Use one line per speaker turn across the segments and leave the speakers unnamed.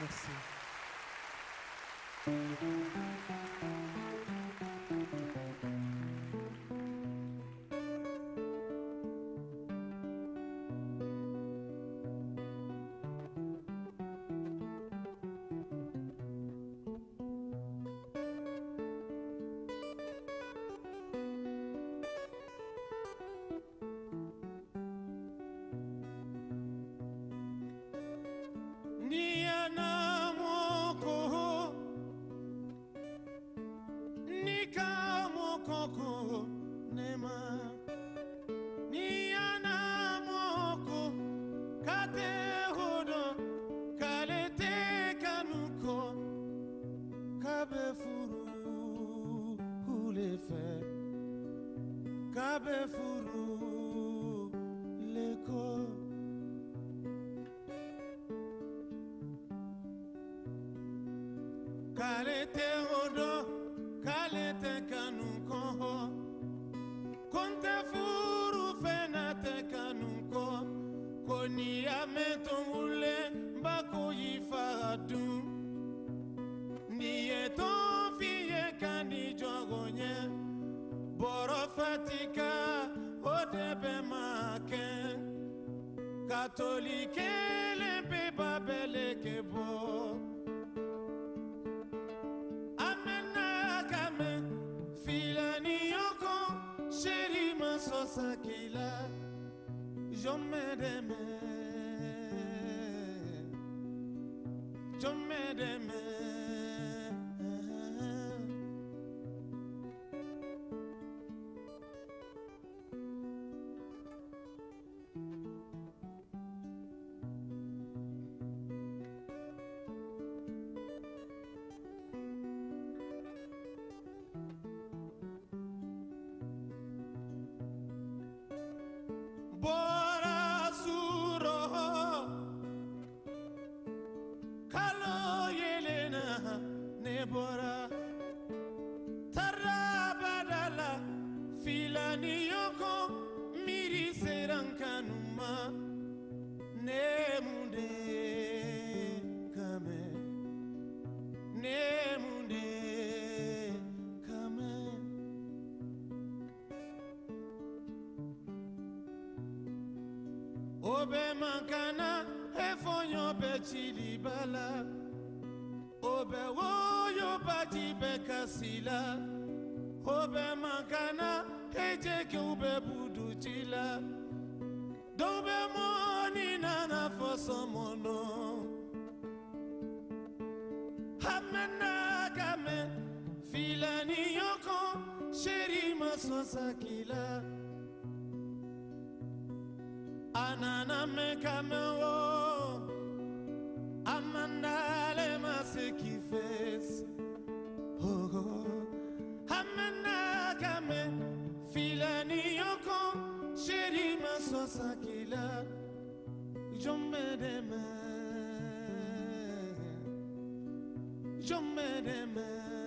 Merci. tolikele mpe babeleke bo amenakame filani yoko sheri masosakila jomedeme jomedeme makana efonyo bechili bala obe woyo baji bekasila obe makana ejeke ube budu jila dobe moni nana fosomono hamena kame filani yoko sheri masosakila Nana mekanao amandale masikifes Ogo amana kame filani yoko sheri masosa kila jombe deme jombe deme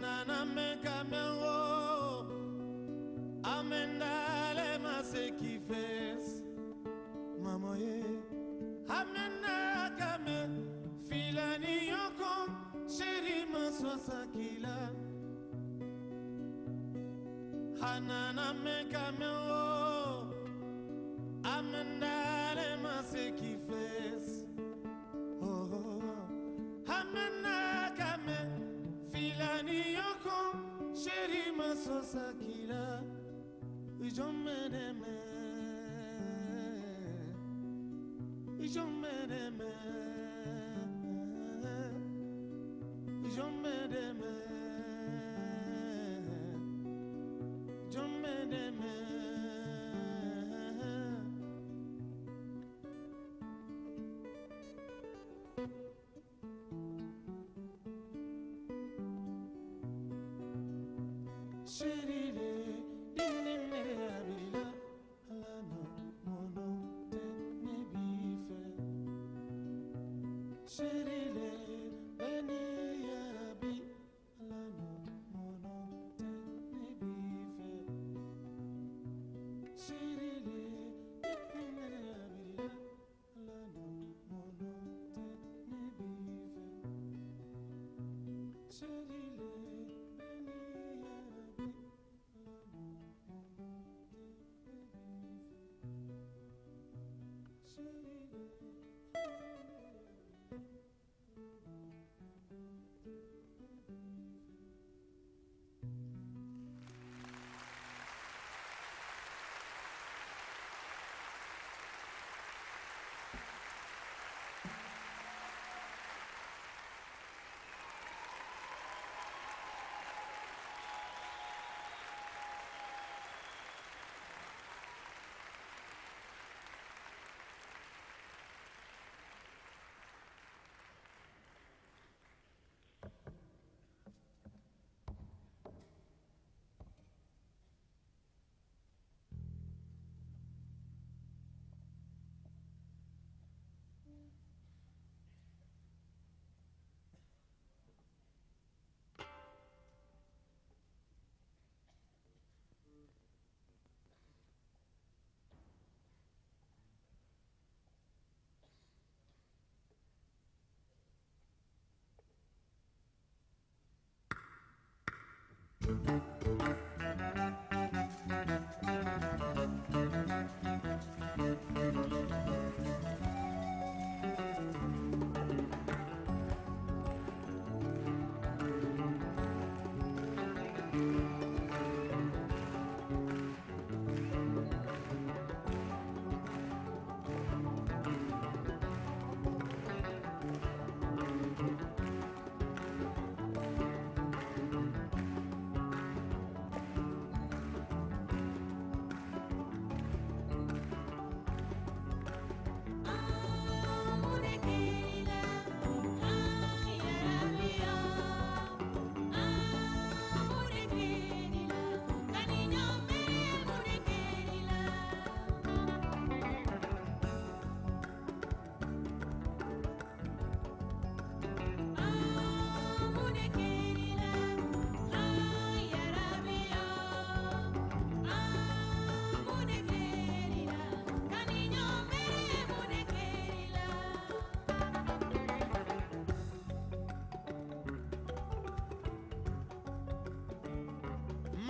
na mekamengo amendale masekifes mamoye amena kame filani yoko sheri maswasakila hanana mekamengo شعری من سکیلا ایجان منه من ایجان منه من ایجان Shitty.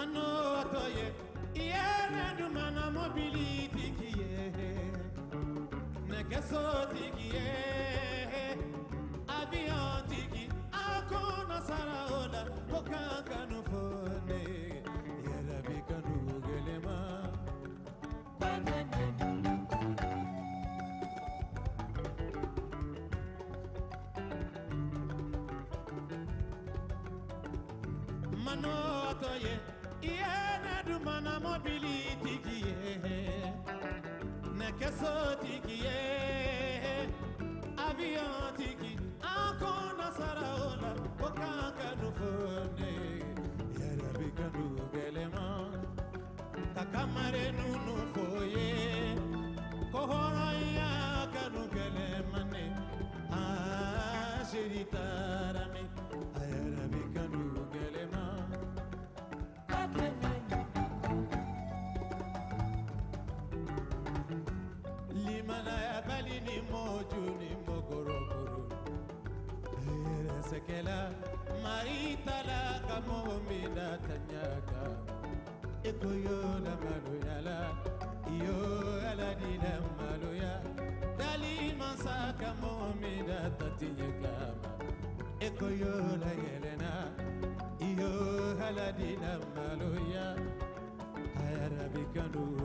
anotoye iyenedumana mobilitigiye negesotigiye avionti mobilitékiye nekk sotikiye avion tiki encore nasara ola ko kanka nu fo la maritala ka mɔgɔ min na tanya kan ekoyo la maloya la iyo ala di la maloya dali masa ka mɔgɔ min na tatiɲɛ kama ekoyo la yɛlɛna iyo ala di la maloya ayarabi kan do.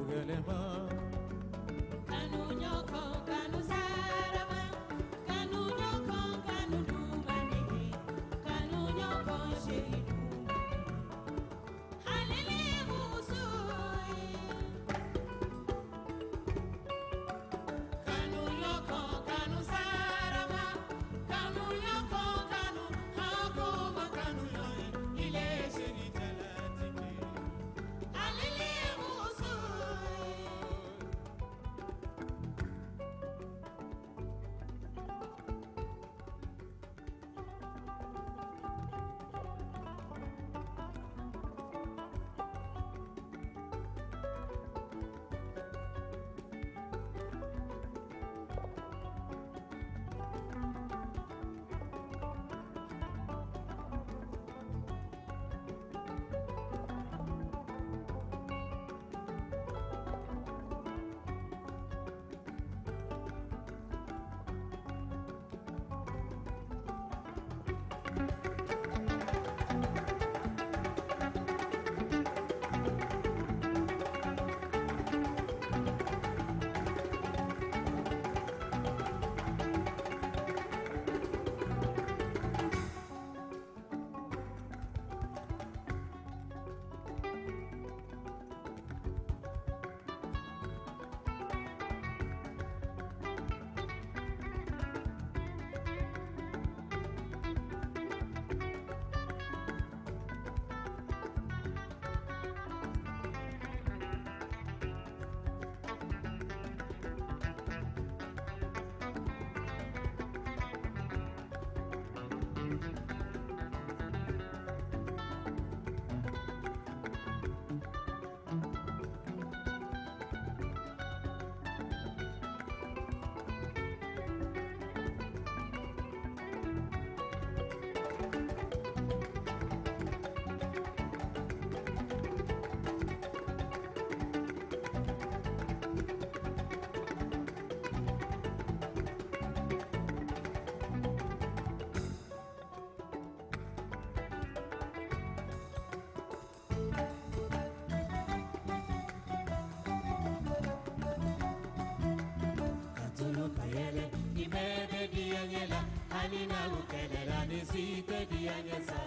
dianyela alina ukelela nisite dianyesa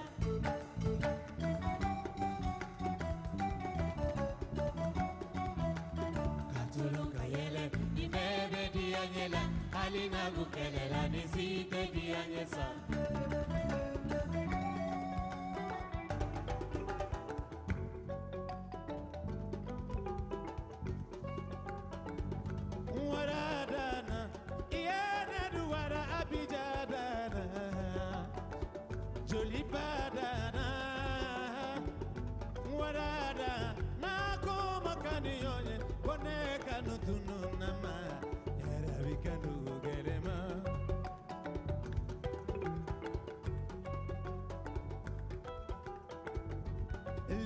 katulunga yele nimebe dianyela alina ukelela nisite yonye bone kanu tunu nama yarabi kanu gerema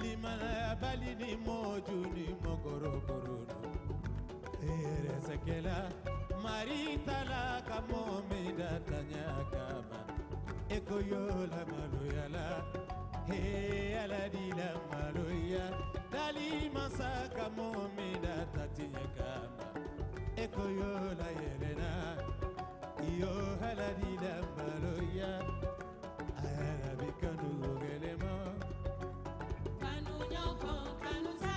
limana balini mojuni mogorokorunu eresekela maritala kamomida tanyakama ekoyola maluyala hela dila maluya dali masaka momida tatinya kama ekoyo la yelena iyo hela dila maluya arabika nugelema kanu nyoko kanu sa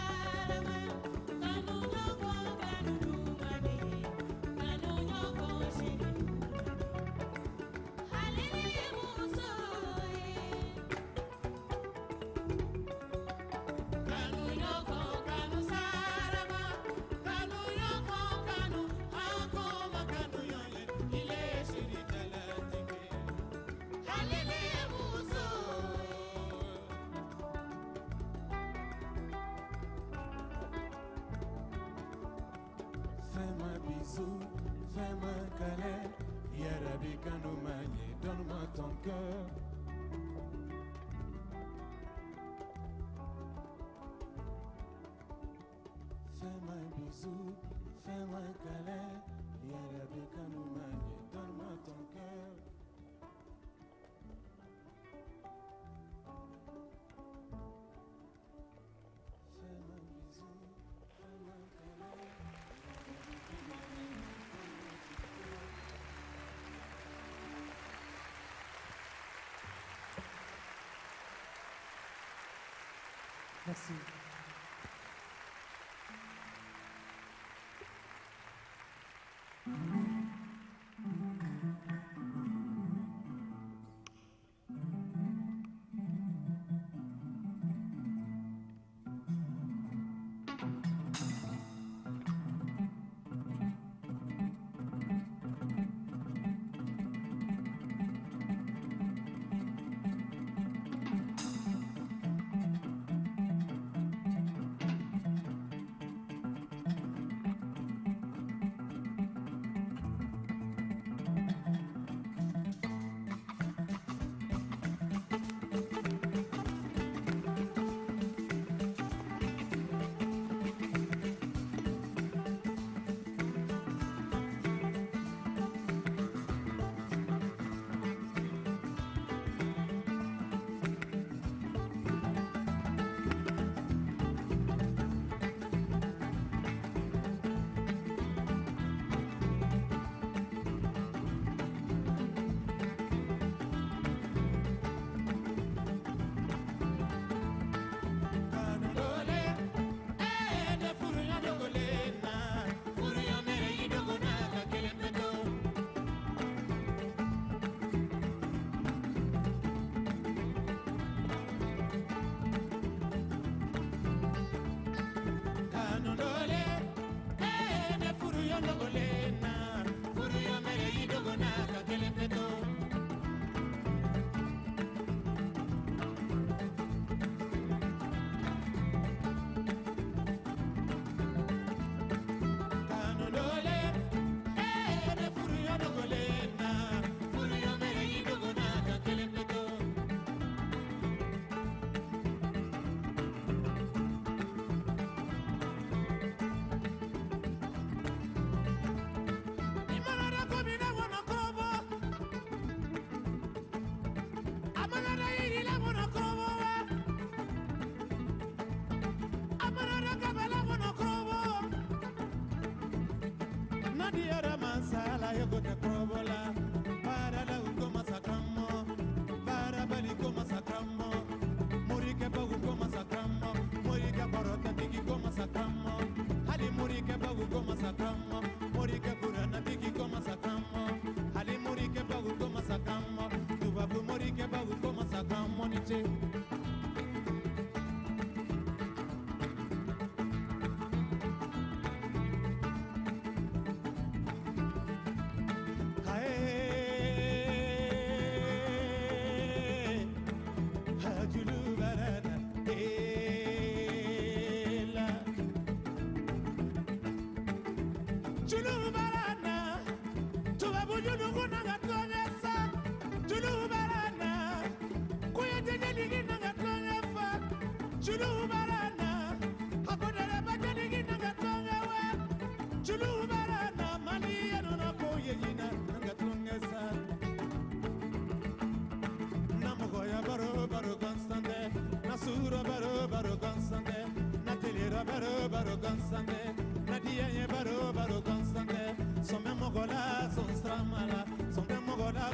fais me connaître Yarabi Kanoumani, donne-moi ton cœur Fais-moi un bisou, fais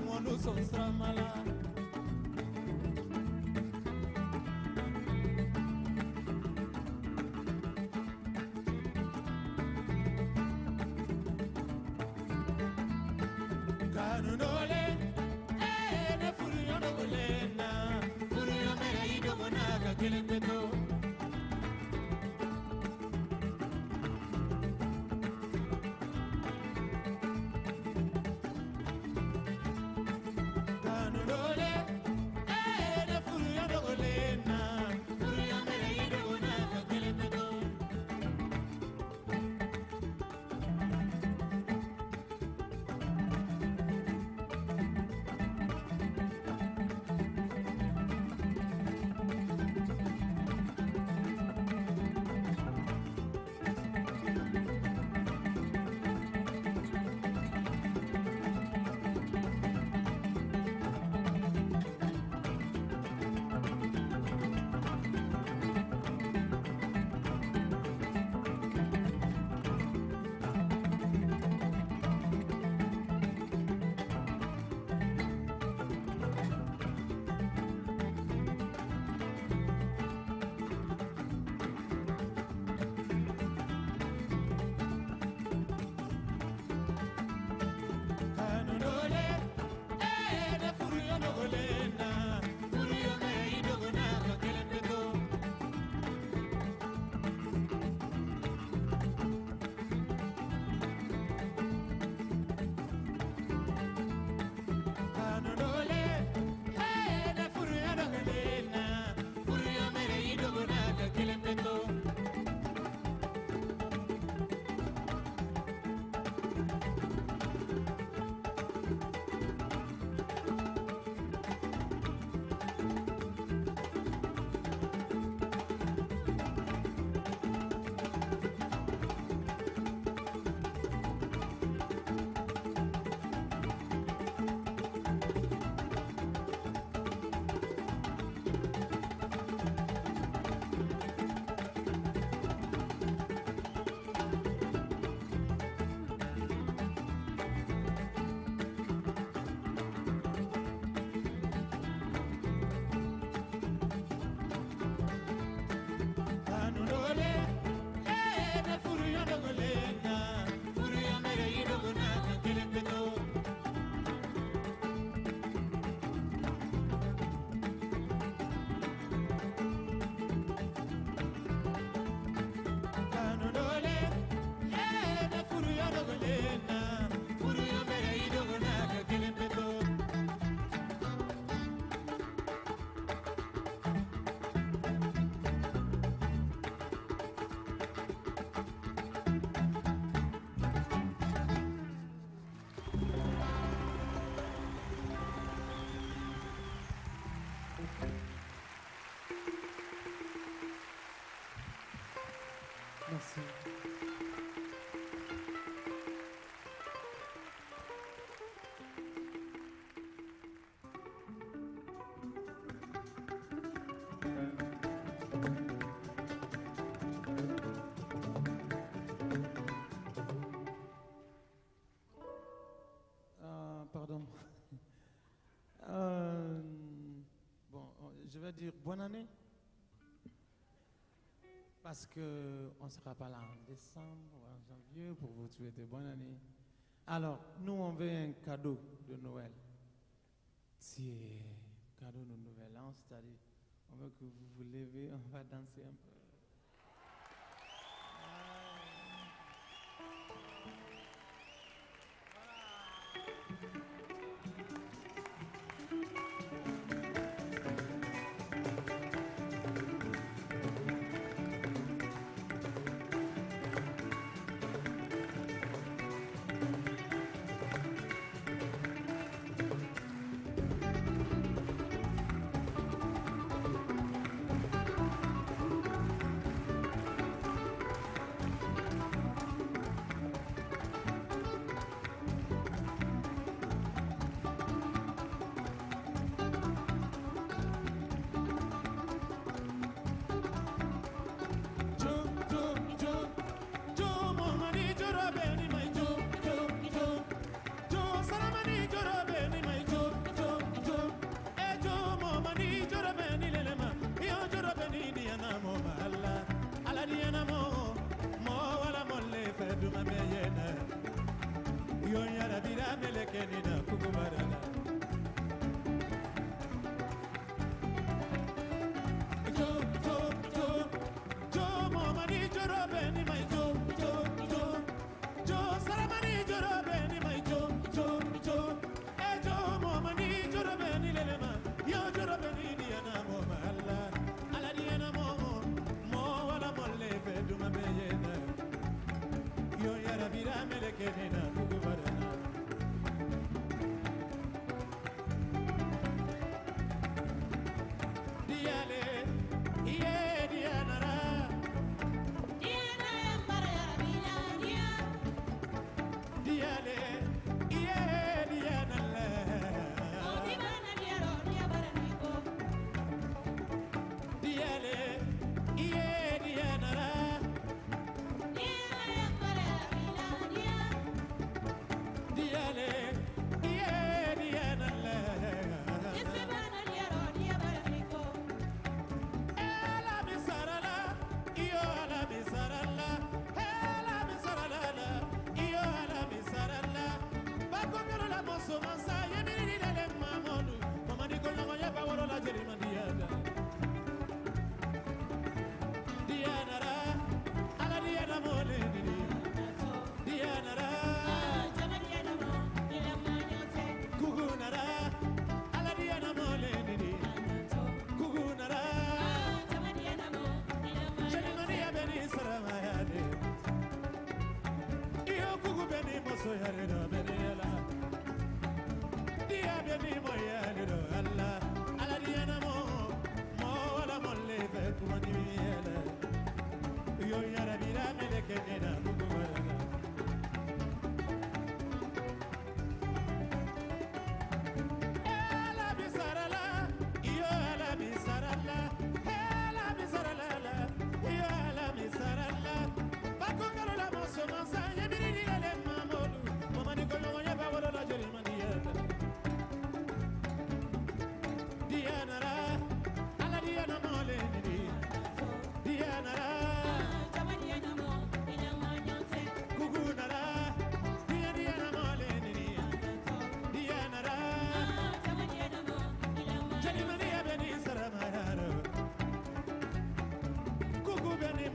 mono son stramala Merci. Ah, euh, pardon. je vais dire bonne année. parce qu'on sera pas en décembre en janvier pour vous souhaiter bonne année. Alors, nous, on veut un cadeau de Noël. C'est un cadeau de Nouvel An, c'est-à-dire, on veut que vous levez, on va danser un peu. Ah.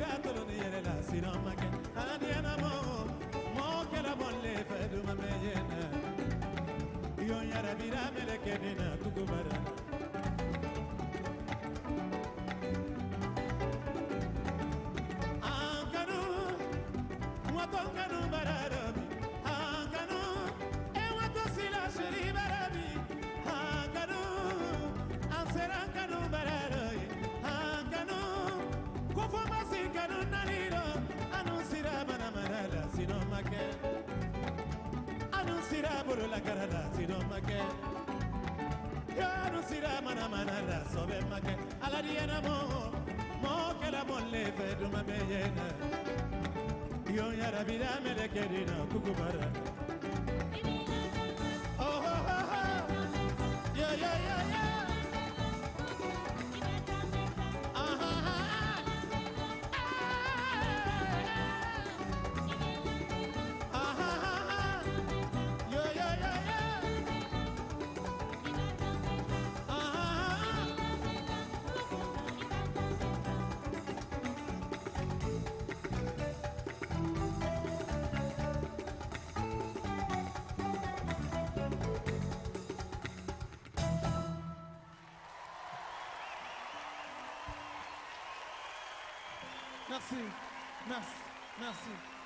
صراط yoro la karala sidon make yoro sira mana mana la sobe make ala diana mo mo kala mo le fe duma me yena yo yara bira mele kedina kukubara Merci. Merci. Merci.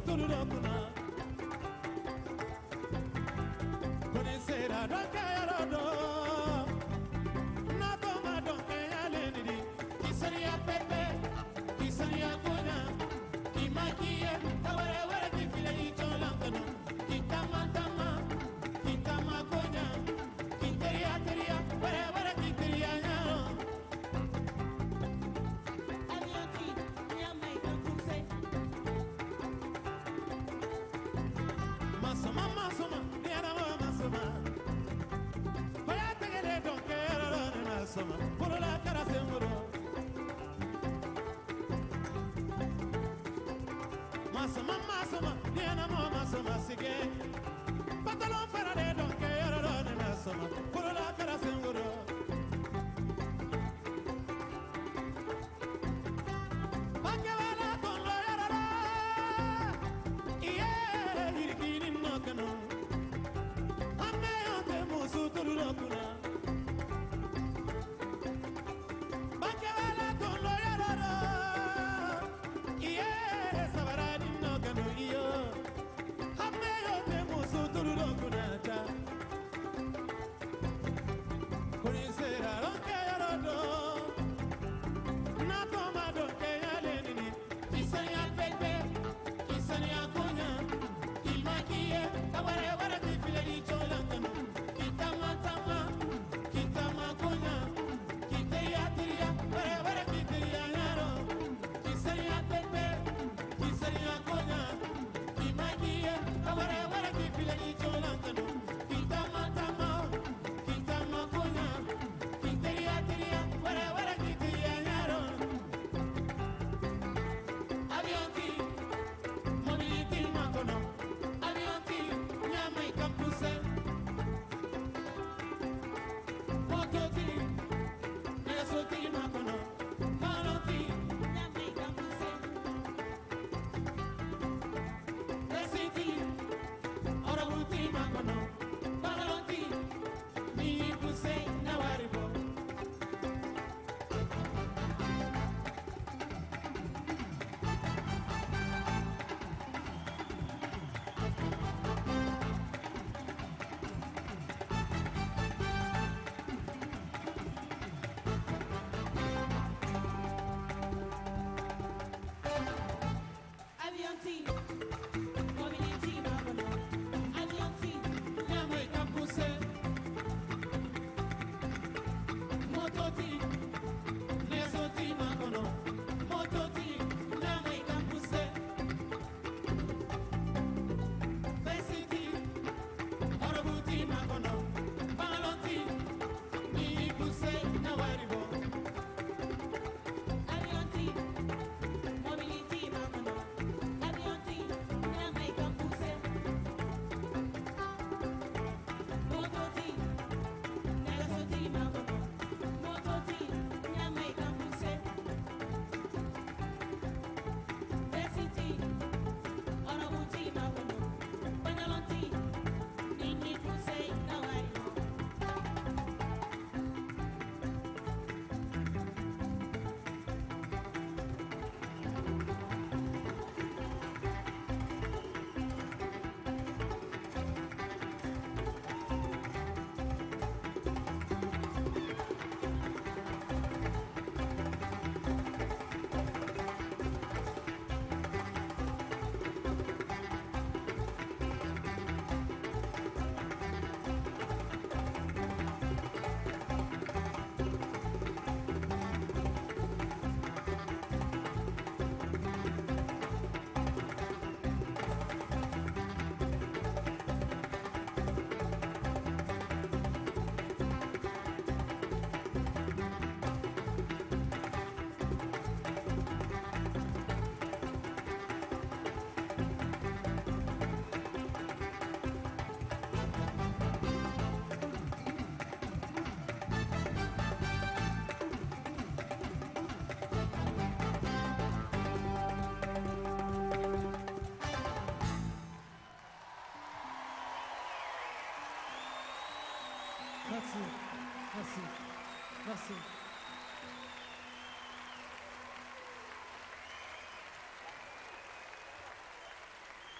do do do do sama folola kara sengoro masama masama diana mo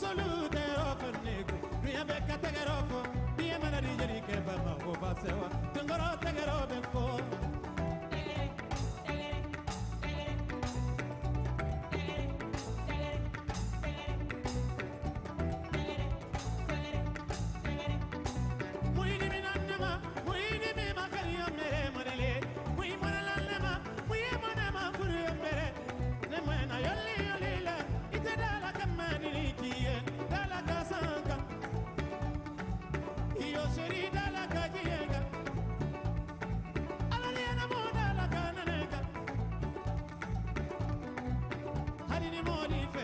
solute rofo negu duya beka tege rofo diye mana dijeri ke bama ko basewa tengorote moo di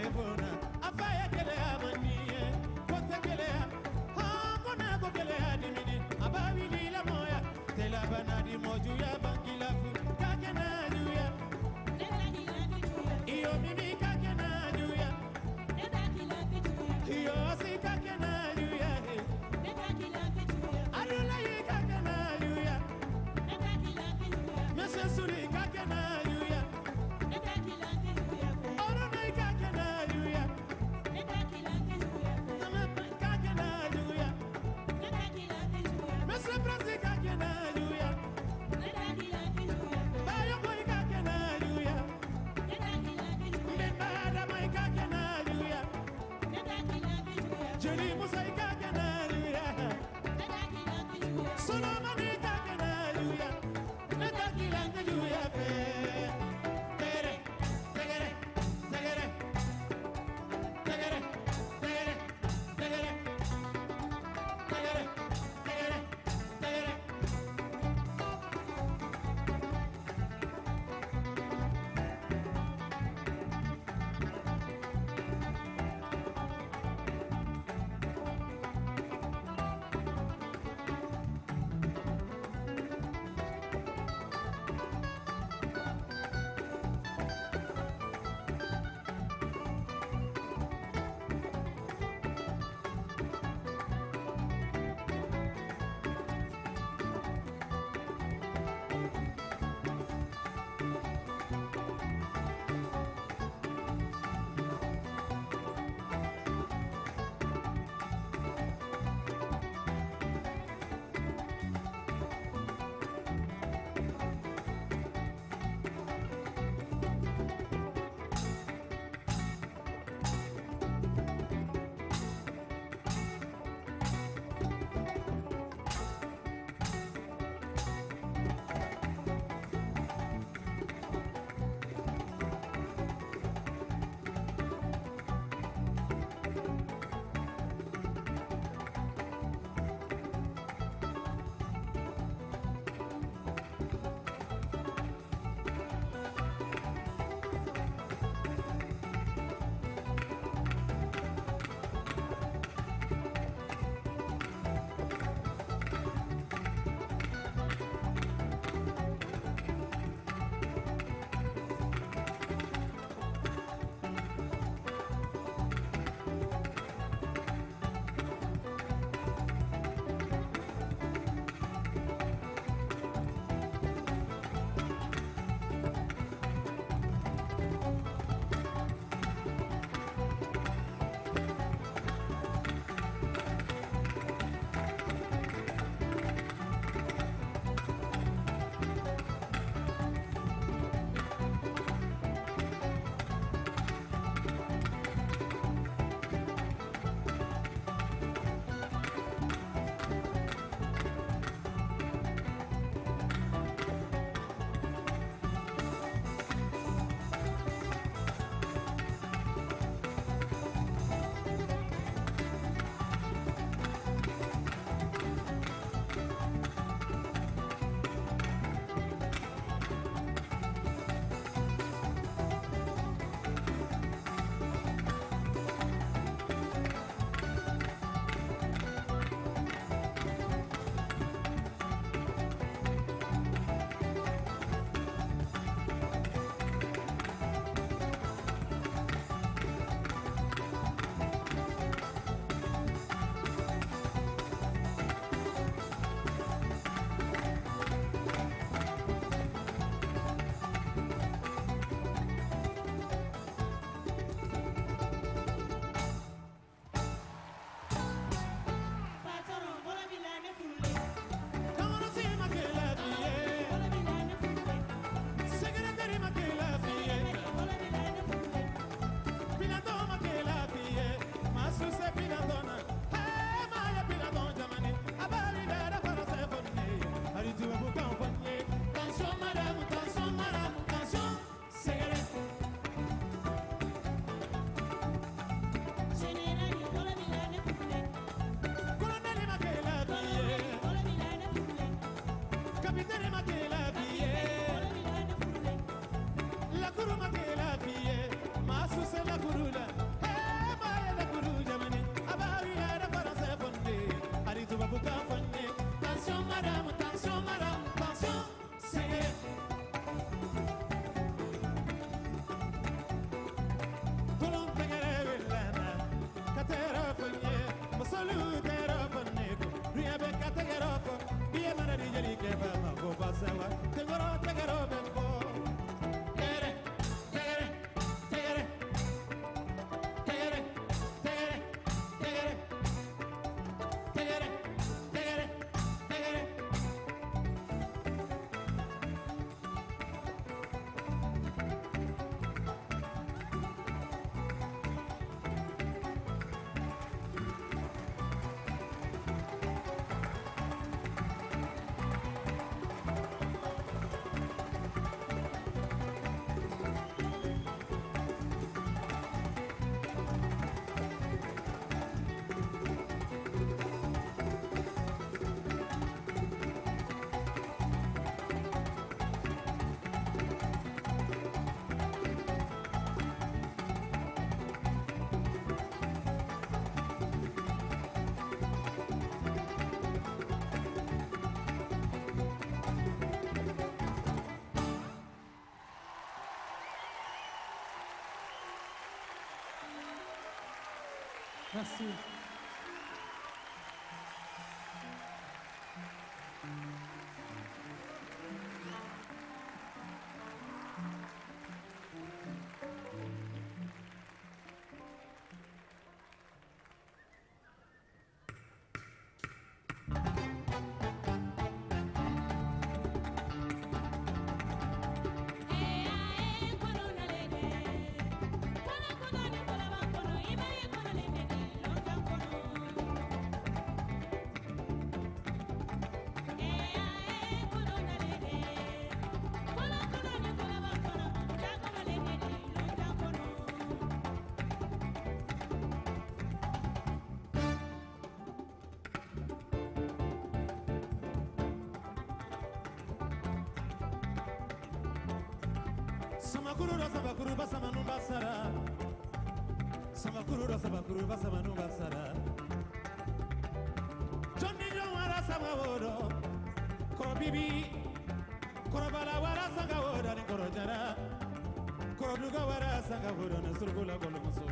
Merci. samakuru do samakuru ba samanu ba sara jonni jo wara sama wodo koro bibi koro bala wara sanga wodo ni koro jara koro duga wara sanga wodo na surgula golo muso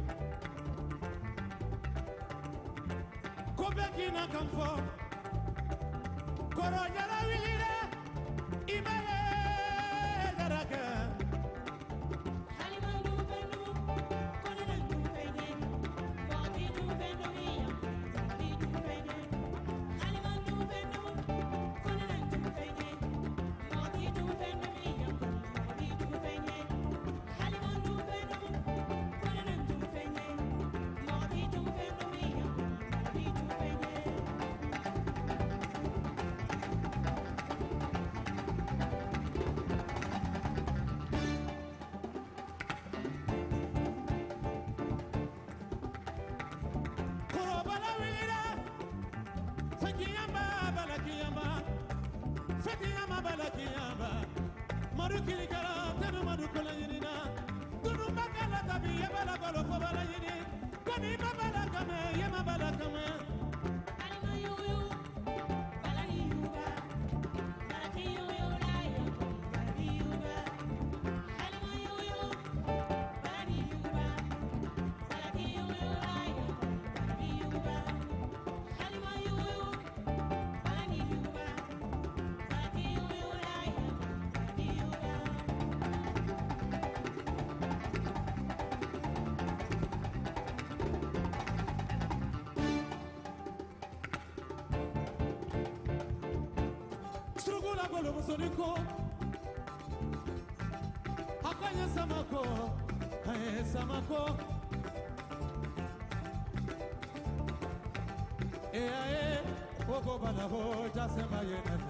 ko be kina kam fo koro jara wilira Kili akolo musoliko akanya samako samako eyaye ogobalabo jasema yenef